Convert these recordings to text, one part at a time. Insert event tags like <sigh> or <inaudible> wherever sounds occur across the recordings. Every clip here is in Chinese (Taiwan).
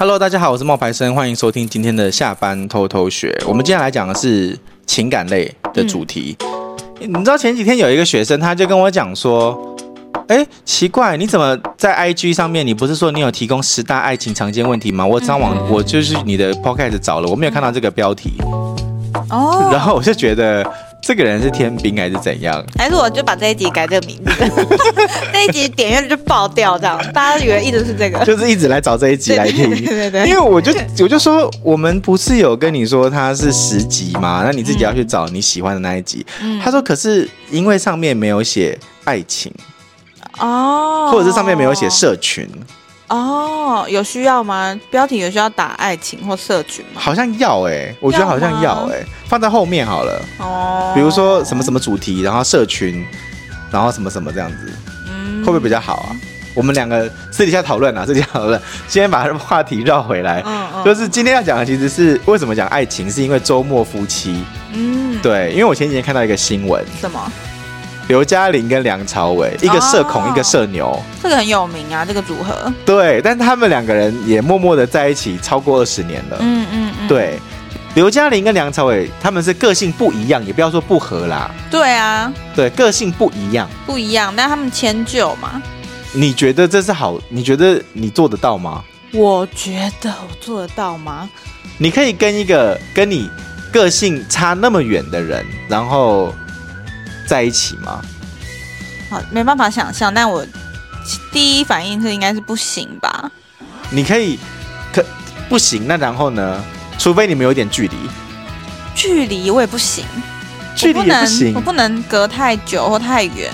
Hello，大家好，我是冒牌生，歡迎收聽今天的下班偷偷學。我們接下來講的是情感類的主題，嗯。你知道前幾天有一個學生，他就跟我講說：“哎、欸，奇怪，你怎麼在 IG 上面？你不是說你有提供十大愛情常見問題嗎？我上網，嗯，我就是你的 Podcast 找了，我沒有看到這個標題。嗯”哦，然後我就覺得，這個人是天兵還是怎樣？還是我就把這一集改這個名字， <laughs> <laughs> 這一集點閱就爆掉，這樣大家以為一直是這個，就是一直來找這一集來聽。對對對對對對，因為我就我就說，我們不是有跟你說他是十集嘛、嗯，那你自己要去找你喜歡的那一集。嗯、他說，可是因為上面沒有寫愛情哦，或者是上面沒有寫社群。哦、oh，有需要嗎？標題有需要打愛情或社群嗎？好像要哎、欸，我覺得好像要哎、欸，放在後面好了。哦、oh，比如說什麼什麼主題，然後社群，然後什麼什麼這樣子，mm. 會不會比較好啊？我們兩個私底下討論啊，私底下討論。先把話題繞回來，mm. 就是今天要講的其實是為什麼講愛情，是因為週末夫妻。嗯、mm.，對，因為我前幾天看到一個新聞，什麼？劉嘉玲跟梁朝偉，一個社恐、哦，一個社牛，這個很有名啊，這個組合。對，但他們兩個人也默默的在一起超過二十年了。嗯嗯嗯。對，劉嘉玲跟梁朝偉，他們是個性不一樣，也不要說不合啦。對啊。對，個性不一樣。不一樣，那他們遷就嘛？你覺得這是好？你覺得你做得到嗎？我覺得我做得到嗎？你可以跟一個跟你個性差那麼遠的人，然後。在一起嗎？好，沒辦法想象。但我第一反應是應該是不行吧？你可以，可不行。那然後呢？除非你們有點距離。距離我也不行，距離，不行我不能，我不能隔太久或太遠。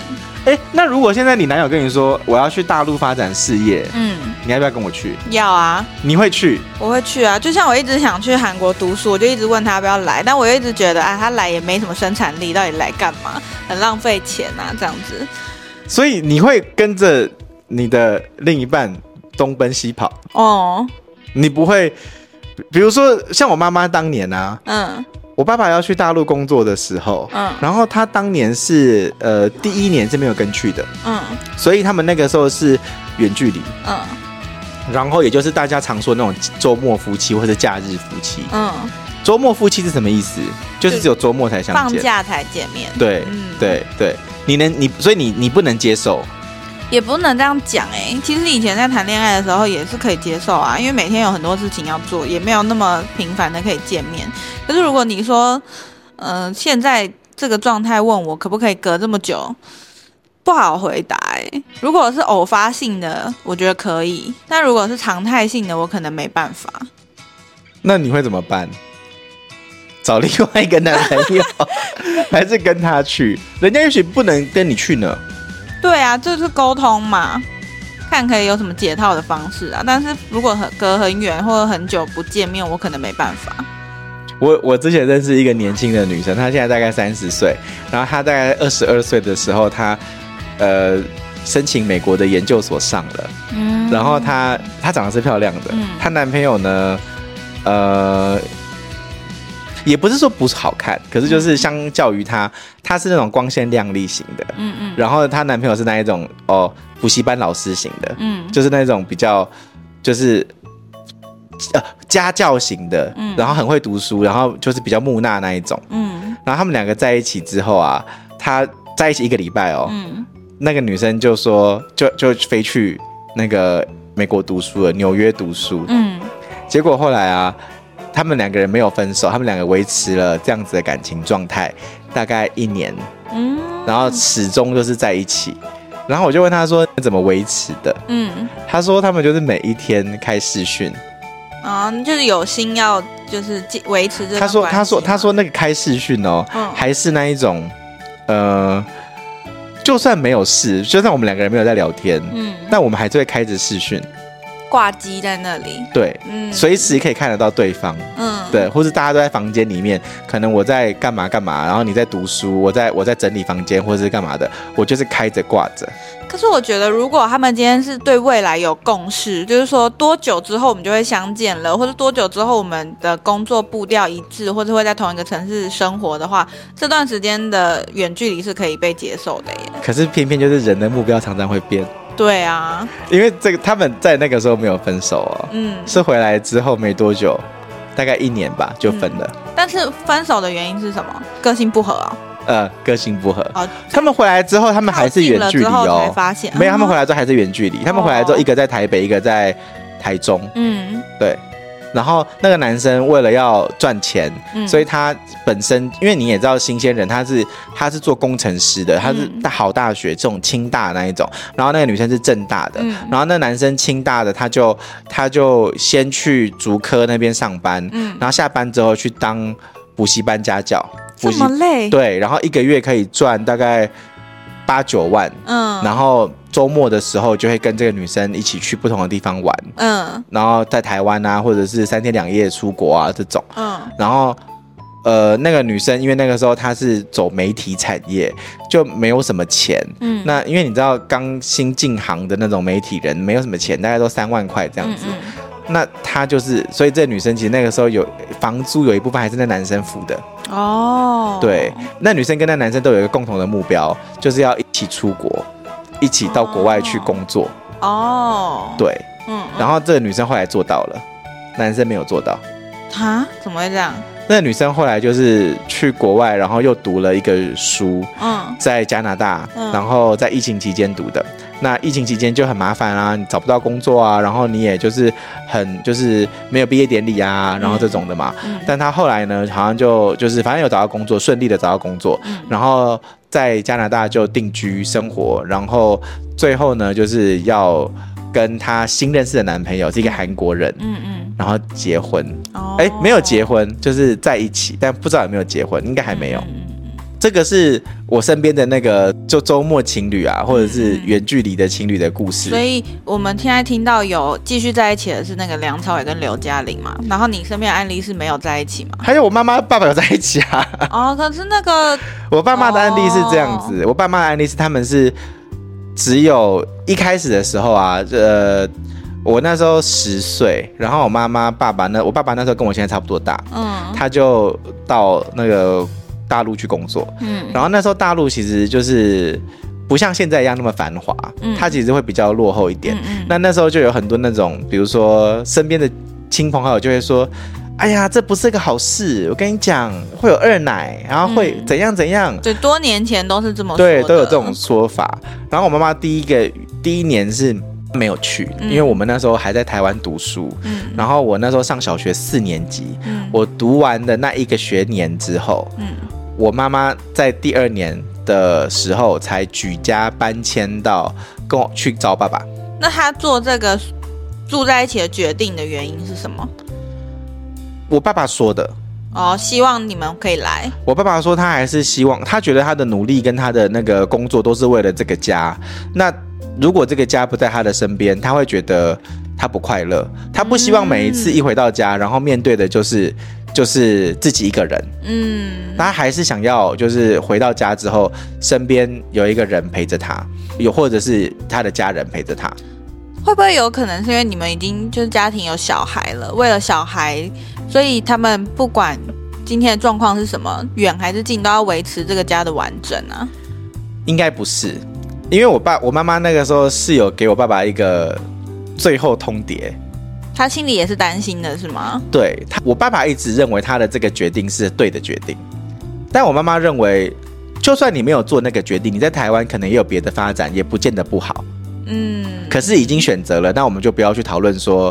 哎，那如果現在你男友跟你說我要去大陸發展事業，嗯，你要不要跟我去？要啊，你會去？我會去啊。就像我一直想去韓國讀書，我就一直問他要不要來，但我又一直覺得啊，他來也沒什麼生產力，到底來幹嘛？很浪費錢啊，這樣子。所以你會跟着你的另一半東奔西跑哦，你不會，比如說像我媽媽當年啊，嗯。我爸爸要去大陸工作的時候，嗯，然後他當年是呃，第一年是沒有跟去的，嗯，所以他們那個時候是遠距離，嗯，然後也就是大家常說那種週末夫妻或者是假日夫妻。嗯，週末夫妻是什麼意思？就是只有週末才相見，放假才見面，對，嗯，對，對，對，你能，你所以你你不能接受？也不能這樣講欸，其實以前在談戀愛的時候也是可以接受啊，因為每天有很多事情要做，也沒有那麼頻繁的可以見面。可是如果你說，嗯，現在這個狀態問我可不可以隔這麼久，不好回答欸。如果是偶發性的，我覺得可以；但如果是常態性的，我可能沒辦法。那你會怎麼辦？找另外一個男朋友， <laughs> 還是跟他去？人家也許不能跟你去呢。對啊，就是溝通嘛，看可以有什麼解套的方式啊。但是如果很隔很遠或者很久不見面，我可能沒辦法。我我之前認識一個年輕的女生，她現在大概三十歲，然後她大概二十二歲的時候，她呃申請美國的研究所上了，嗯，然後她她長得是漂亮的，她男朋友呢，呃。也不是說不是好看，可是就是相較於她，她、嗯、是那種光鮮亮麗型的，嗯嗯，然後她男朋友是那一種哦，補習班老師型的，嗯，就是那種比較就是呃家教型的，嗯，然後很會讀書，然後就是比較木訥那一種，嗯，然後他們兩個在一起之後啊，他在一起一個禮拜哦、嗯，那個女生就說就就飛去那個美國讀書了，紐約讀書，嗯，結果後來啊。他們兩個人沒有分手，他們兩個維持了這樣子的感情狀態大概一年，嗯，然後始終就是在一起。然後我就問他說怎麼維持的，嗯，他說他們就是每一天開視訊，啊，你就是有心要就是維持這個。他說他說他說那個開視訊哦，嗯，還是那一種，呃，就算沒有事，就算我們兩個人沒有在聊天，嗯，但我們還是會開着視訊。掛機在那裡，對，嗯，隨時可以看得到對方，嗯，對，或是大家都在房間裡面，可能我在幹嘛幹嘛，然後你在讀書，我在我在整理房間或者是幹嘛的，我就是開着掛着。可是我覺得，如果他們今天是對未來有共識，就是說多久之後我們就會相見了，或者多久之後我們的工作步調一致，或者會在同一個城市生活的話，這段時間的遠距離是可以被接受的耶。可是偏偏就是人的目標常常會變。對啊，因為這個他們在那個時候沒有分手哦。嗯，是回來之後沒多久，大概一年吧就分了。嗯。但是分手的原因是什麼？個性不合啊，哦？呃，個性不合。Okay. 他們回來之後，他們還是遠距離哦。才發現沒有，他們回來之後還是遠距離。嗯。他們回來之後，一個在台北，一個在台中。嗯，對。然後那個男生為了要賺錢，嗯、所以他本身因為你也知道新鮮人，他是他是做工程師的，嗯、他是大好大學，這種清大的那一種。然後那個女生是政大的，嗯、然後那男生清大的，他就他就先去竹科那邊上班，嗯，然後下班之後去當補習班家教，這麼累，補習，對，然後一個月可以賺大概八九萬，嗯，然後。週末的時候就會跟這個女生一起去不同的地方玩，嗯，然後在台灣啊，或者是三天兩夜出國啊這種，嗯，然後呃那個女生，因為那個時候她是走媒體產業，就沒有什麼錢，嗯，那因為你知道剛新進行的那種媒體人沒有什麼錢，大概都三萬塊這樣子嗯嗯，那她就是，所以這個女生其實那個時候有房租有一部分還是那男生付的，哦，對，那女生跟那男生都有一個共同的目標，就是要一起出國。一起到國外去工作哦，oh. Oh. 對，嗯，然後這個女生後來做到了，男生沒有做到，啊、huh?，怎麼會這樣？那個、女生後來就是去國外，然後又讀了一個書，嗯，在加拿大，然後在疫情期間讀的。那疫情期間就很麻煩啊，你找不到工作啊，然後你也就是很就是沒有畢業典禮啊，然後這種的嘛、嗯嗯。但他後來呢，好像就就是反正有找到工作，順利的找到工作、嗯，然後在加拿大就定居生活，然後最後呢就是要跟他新認識的男朋友是一個韓國人，嗯嗯，然後結婚，哎、哦欸，沒有結婚，就是在一起，但不知道有沒有結婚，應該還沒有。嗯嗯這個是我身邊的那個就周末情侶啊，或者是遠距離的情侶的故事。嗯、所以，我們現在聽到有繼續在一起的是那個梁朝偉跟劉嘉玲嘛，嗯。然後你身邊的案例是沒有在一起嘛。還有我媽媽爸爸有在一起啊。哦，可是那個我爸媽的案例是這樣子，哦、我爸媽的案例是他們是只有一開始的時候啊，呃，我那時候十歲，然後我媽媽爸爸那我爸爸那時候跟我現在差不多大，嗯，他就到那個。大陸去工作，嗯，然後那時候大陸其實就是不像現在一樣那麼繁華，嗯，它其實會比較落後一點嗯。嗯，那那時候就有很多那種，比如說身邊的親朋好友就會說：“哎呀，這不是個好事！我跟你講，會有二奶，然後會怎樣怎樣。嗯”對，多年前都是這麼說對，都有這種說法。然後我媽媽第一個第一年是沒有去，因為我們那時候還在台灣讀書，嗯，然後我那時候上小學四年級，嗯，我讀完的那一個學年之後，嗯。我媽媽在第二年的時候才舉家搬遷到跟我去找爸爸。那他做這個住在一起的決定的原因是什麼？我爸爸說的。哦，希望你們可以來。我爸爸說，他還是希望，他覺得他的努力跟他的那個工作都是為了這個家。那如果這個家不在他的身邊，他會覺得他不快樂。他不希望每一次一回到家，嗯、然後面對的就是。就是自己一個人，嗯，他還是想要，就是回到家之後，身邊有一個人陪着他，有或者是他的家人陪着他。會不會有可能是因為你們已經就是家庭有小孩了，為了小孩，所以他們不管今天的狀況是什麼，遠還是近，都要維持這個家的完整呢？啊，應該不是，因為我爸我媽媽那個時候是有給我爸爸一個最後通牒。他心裡也是擔心的，是嗎？對他，我爸爸一直認為他的這個決定是對的決定，但我媽媽認為，就算你沒有做那個決定，你在台灣可能也有別的發展，也不見得不好。嗯，可是已經選擇了、嗯，那我們就不要去討論說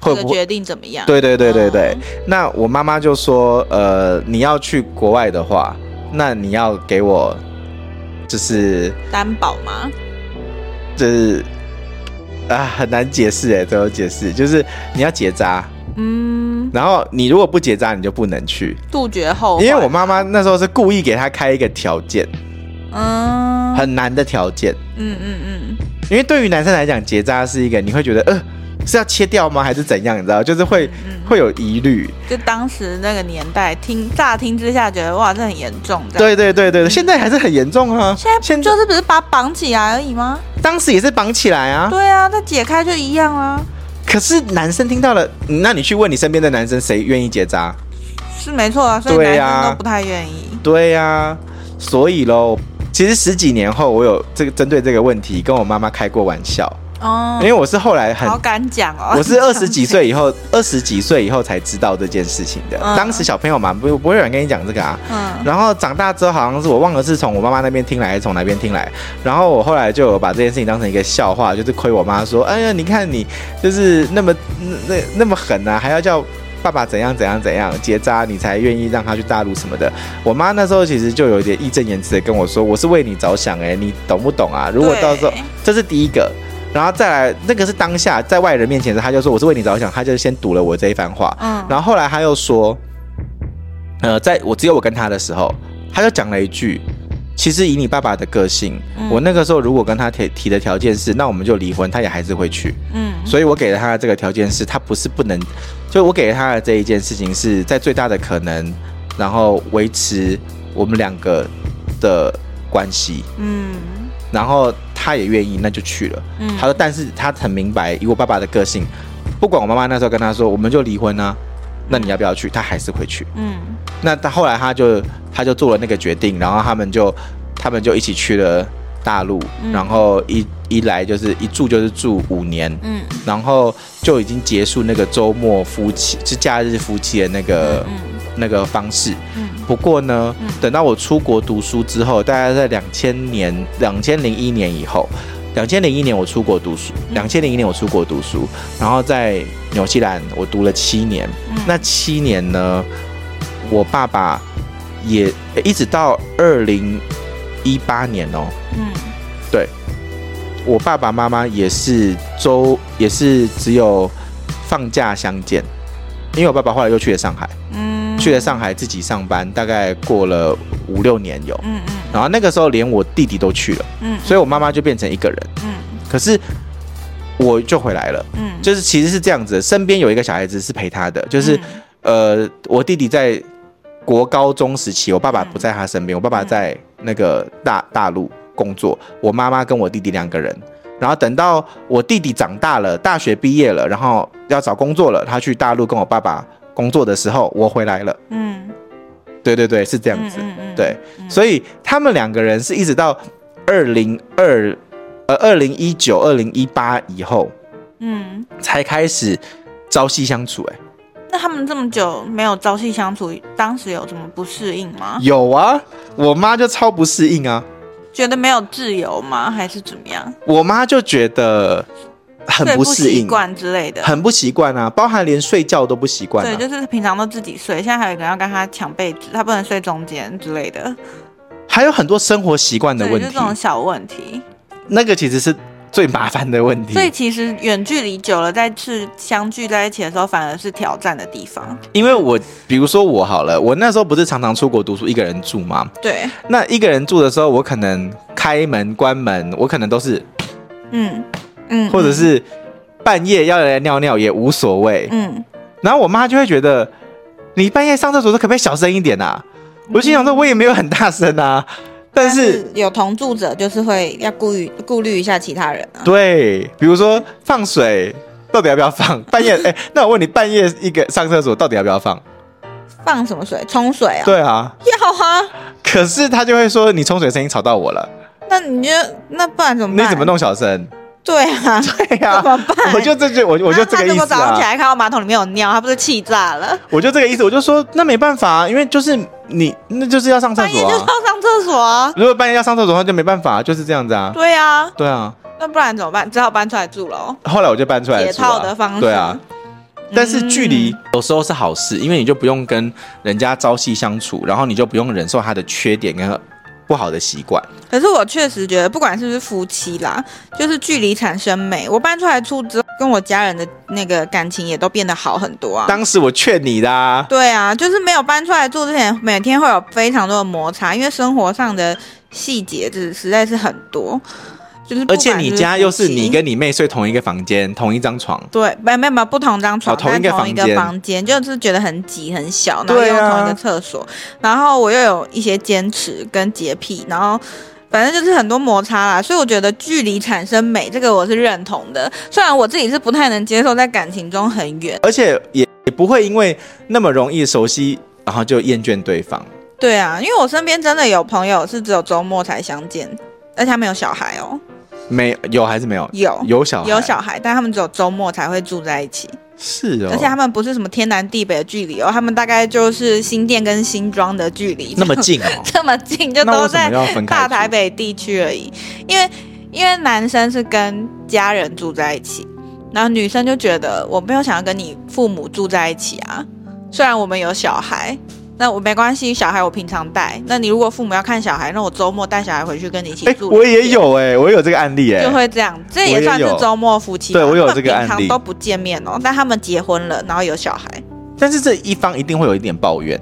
會不會、這個、決定怎麼樣。對對對對對，哦、那我媽媽就說，呃，你要去國外的話，那你要給我就是擔保嗎？就是。啊，很難解釋哎，怎麼解釋？就是你要結紮，嗯，然後你如果不結紮，你就不能去杜絕後患啊。因為我媽媽那時候是故意給她開一個條件，嗯，很難的條件，嗯嗯嗯。因為對於男生來講，結紮是一個你會覺得，呃，是要切掉嗎？還是怎樣？你知道，就是會、嗯、會有疑慮。就當時那個年代，聽乍聽之下覺得哇，這很嚴重的。對，對對對對，現在還是很嚴重啊。現在現就是不是把它綁起來而已嗎？當時也是綁起來啊，對啊，他解開就一樣啊。可是男生聽到了，那你去問你身邊的男生，誰願意結紮？是沒錯啊，所以男生都不太願意，對啊。對啊，所以嘍，其實十幾年後，我有這個針對這個問題，跟我媽媽開過玩笑。哦， <music> 因為我是後來很好敢講哦，我是二十幾歲以後，二十幾歲以後才知道這件事情的。當時小朋友嘛，不不會有人跟你講這個啊。嗯。然後長大之後，好像是我忘了是從我媽媽那邊聽來，還是從哪邊聽來。然後我後來就有把這件事情當成一個笑話，就是虧我媽說，哎呀，你看你就是那麼那那，那麼狠啊，還要叫爸爸怎樣怎樣怎樣結扎，你才願意讓他去大陸什麼的。我媽那時候其實就有點義正言辭的跟我說，我是為你着想，哎，你懂不懂啊？如果到時候，這是第一個。然後再來，那個是當下在外人面前的，他就說我是為你着想，他就先堵了我這一番話。嗯，然後後來他又說，呃，在我只有我跟他的時候，他就講了一句，其實以你爸爸的個性，我那個時候如果跟他提提的條件是，那我們就離婚，他也還是會去。嗯，所以我給了他的這個條件是，他不是不能，就我給了他的這一件事情是在最大的可能，然後維持我們兩個的關係。嗯，然後。他也願意，那就去了。他說：“但是他很明白，以我爸爸的個性，不管我媽媽那時候跟他說我們就離婚啊，那你要不要去？他還是會去。”嗯。那他後來他就他就做了那個決定，然後他們就他們就一起去了大陸，然後一一來就是一住就是住五年。嗯。然後就已經結束那個周末夫妻，是假日夫妻的那個那個方式。不過呢，等到我出國讀書之後，大概在兩千年、兩千零一年以後，兩千零一年我出國讀書，兩千零一年我出國讀書，然後在紐西蘭我讀了七年。那七年呢，我爸爸也一直到二零一八年哦，嗯，對，我爸爸媽媽也是周，也是只有放假相見，因為我爸爸後來又去了上海，嗯。去了上海自己上班，大概過了五六年有，嗯嗯，然後那個時候連我弟弟都去了，嗯，所以我媽媽就變成一個人，嗯，可是我就回來了，嗯，就是其實是這樣子，身邊有一個小孩子是陪他的，就是呃我弟弟在國高中時期，我爸爸不在他身邊，我爸爸在那個大大陸工作，我媽媽跟我弟弟兩個人，然後等到我弟弟長大了，大學畢業了，然後要找工作了，他去大陸跟我爸爸。工作的時候，我回來了。嗯，對對對，是這樣子。嗯嗯嗯、對、嗯，所以他們兩個人是一直到二零二呃二零一九二零一八以後，嗯，才開始朝夕相處、欸。哎，那他們這麼久沒有朝夕相處，當時有什麼不適應嗎？有啊，我媽就超不適應啊，覺得沒有自由嗎？還是怎麼樣？我媽就覺得。很不適應習慣之類的，很不習慣啊，包含連睡覺都不習慣。對，就是平常都自己睡，現在還有一個人要跟他搶被子，他不能睡中間之類的，還有很多生活習慣的問題，就是這種小問題。那個其實是最麻煩的問題。所以其實遠距離久了，再次相聚在一起的時候，反而是挑戰的地方。因為我比如說我好了，我那時候不是常常出國讀書，一個人住嗎？對。那一個人住的時候，我可能開門關門，我可能都是，嗯。嗯，嗯，或者是半夜要來尿尿也無所謂。嗯，然後我媽就會覺得你半夜上廁所都可不可以小聲一點啊？我心想說，我也沒有很大聲啊，但是有同住者就是會要顧慮顧慮一下其他人啊。對，比如說放水到底要不要放？半夜哎、欸，那我問你，半夜一個上廁所到底要不要放，放？放什麼水？沖水啊？對啊，要啊。可是他就會說，你沖水聲音吵到我了。那你就那不然怎麼辦？你怎麼弄小聲？對啊，對啊，怎麼辦？我就這就我、啊、我就這個意思那、啊、他、他如果早上起來看到馬桶裡面有尿，他不是氣炸了？我就這個意思，我就說那沒辦法、啊，因為就是你，那就是要上廁所、啊，你就是要上廁所啊。如果半夜要上廁所，的話就沒辦法、啊，就是這樣子啊。對啊，對啊。那不然怎麼辦？只好搬出來住了、哦。後來我就搬出來住，解套的方式。對啊，但是距離、嗯、有時候是好事，因為你就不用跟人家朝夕相處，然後你就不用忍受他的缺點跟。不好的習慣。可是我確實覺得，不管是不是夫妻啦，就是距離產生美。我搬出來住之後，跟我家人的那個感情也都變得好很多啊。當時我勸你的啊。對啊，就是沒有搬出來住之前，每天會有非常多的摩擦，因為生活上的細節就是實在是很多。就是、而且你家又是你跟你妹睡同一個房間，同一張床。對，沒沒有沒有不同張床，同一個房間。房間就是覺得很擠很小，然後又同一個廁所、啊，然後我又有一些堅持跟潔癖，然後反正就是很多摩擦啦。所以我覺得距離產生美，這個我是認同的。雖然我自己是不太能接受在感情中很遠，而且也也不會因為那麼容易熟悉，然後就厭倦對方。對啊，因為我身邊真的有朋友是只有周末才相見，而且他沒有小孩哦、喔。沒有，還是沒有，有有小孩有小孩，但他們只有周末才會住在一起，是的、哦，而且他們不是什麼天南地北的距離哦，他們大概就是新店跟新莊的距離，那麼近、哦，這麼近就都在大台北地區而已，因為因為男生是跟家人住在一起，然後女生就覺得我沒有想要跟你父母住在一起啊，雖然我們有小孩。那我沒關係，小孩我平常帶。那你如果父母要看小孩，那我周末帶小孩回去跟你一起住，欸。我也有哎、欸欸，我有這個案例哎，就會這樣，這也算是周末夫妻。對我有這個案例，平常都不見面哦，但他們結婚了，然後有小孩。但是這一方一定會有一點抱怨。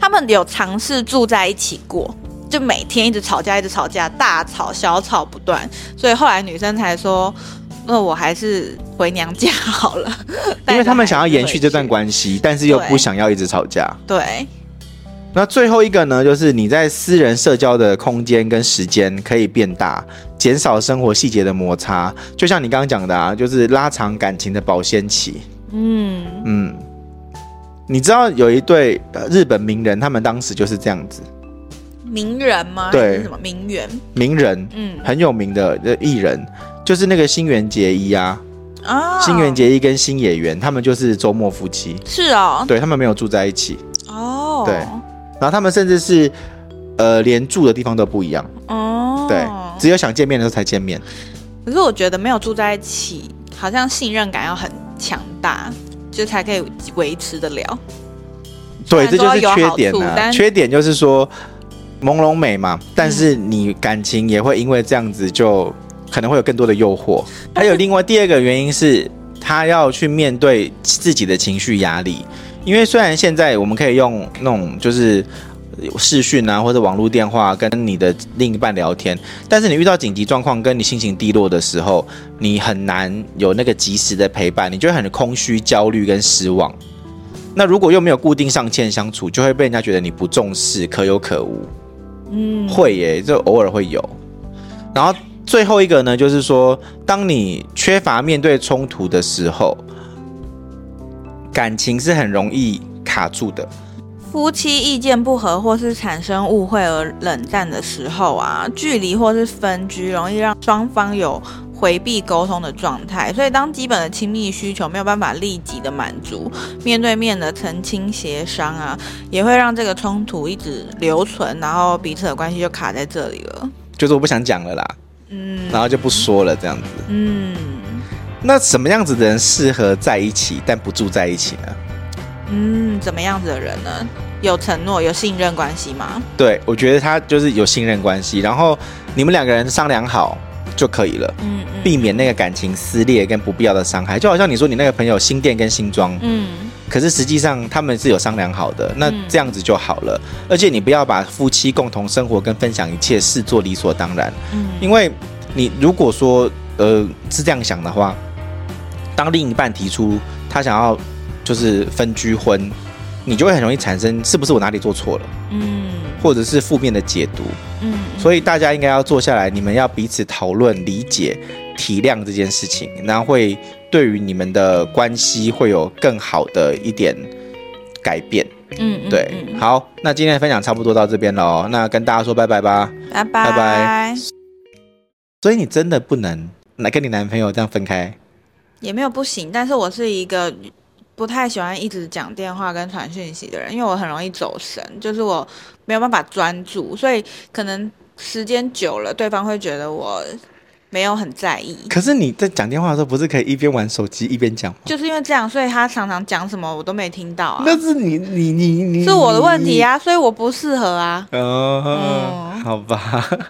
他們有嘗試住在一起過，就每天一直吵架，一直吵架，大吵小吵不斷，所以後來女生才說。那我還是回娘家好了，因為他們想要延續這段關係，但是又不想要一直吵架。對。那最後一個呢，就是你在私人社交的空間跟時間可以變大，減少生活細節的摩擦。就像你剛剛講的啊，就是拉長感情的保鮮期。嗯嗯。你知道有一對日本名人，他們當時就是這樣子。名人嗎？對，什麼名媛？名人，嗯，很有名的藝人。就是那個新垣結衣啊，oh, 新垣結衣跟星野源他們就是周末夫妻，是哦。對，他們沒有住在一起哦，oh. 對，然後他們甚至是呃連住的地方都不一樣哦，oh. 對，只有想見面的時候才見面。可是我覺得沒有住在一起，好像信任感要很強大，就才可以維持得了。對，這就是缺點、啊。缺點就是說朦朧美嘛、嗯，但是你感情也會因為這樣子就。可能會有更多的誘惑，還有另外第二個原因是他要去面對自己的情緒壓力，因為雖然現在我們可以用那種就是視訊啊或者網絡電話跟你的另一半聊天，但是你遇到緊急狀況跟你心情低落的時候，你很難有那個及時的陪伴，你就很空虛、焦慮跟失望。那如果又沒有固定上線相處，就會被人家覺得你不重視、可有可無。嗯，會耶，欸，就偶爾會有，然後。最後一個呢，就是說，當你缺乏面對衝突的時候，感情是很容易卡住的。夫妻意見不合或是產生誤會而冷戰的時候啊，距離或是分居，容易讓雙方有回避溝通的狀態。所以，當基本的親密需求沒有辦法立即的滿足，面對面的澄清協商啊，也會讓這個衝突一直留存，然後彼此的關係就卡在這裡了。就是我不想講了啦。嗯，然後就不說了，這樣子。嗯，那什麼樣子的人適合在一起但不住在一起呢？嗯，怎麼樣子的人呢？有承諾、有信任關係嗎？對，我覺得他就是有信任關係，然後你們兩個人商量好就可以了。嗯，嗯，避免那個感情撕裂跟不必要的傷害。就好像你說你那個朋友新店跟新莊，嗯。可是實際上，他們是有商量好的，那這樣子就好了。而且你不要把夫妻共同生活跟分享一切視作理所當然，嗯，因為你如果說呃是這樣想的話，當另一半提出他想要就是分居婚，你就會很容易產生是不是我哪裡做錯了，嗯，或者是負面的解讀，嗯，所以大家應該要坐下來，你們要彼此討論理解。體諒這件事情，然後會對於你們的關係會有更好的一點改變。嗯，對，嗯、好，那今天的分享差不多到這邊了哦，那跟大家說拜拜吧，拜拜拜拜。所以你真的不能來跟你男朋友這樣分開？也沒有不行，但是我是一個不太喜歡一直講電話跟傳訊息的人，因為我很容易走神，就是我沒有辦法專注，所以可能時間久了，對方會覺得我。沒有很在意。可是你在講電話的時候，不是可以一邊玩手機一邊講話？就是因為這樣，所以他常常講什麼我都沒聽到啊。那是你你你，你，是我的問題啊，所以我不適合啊。哦，嗯，好吧。 <laughs>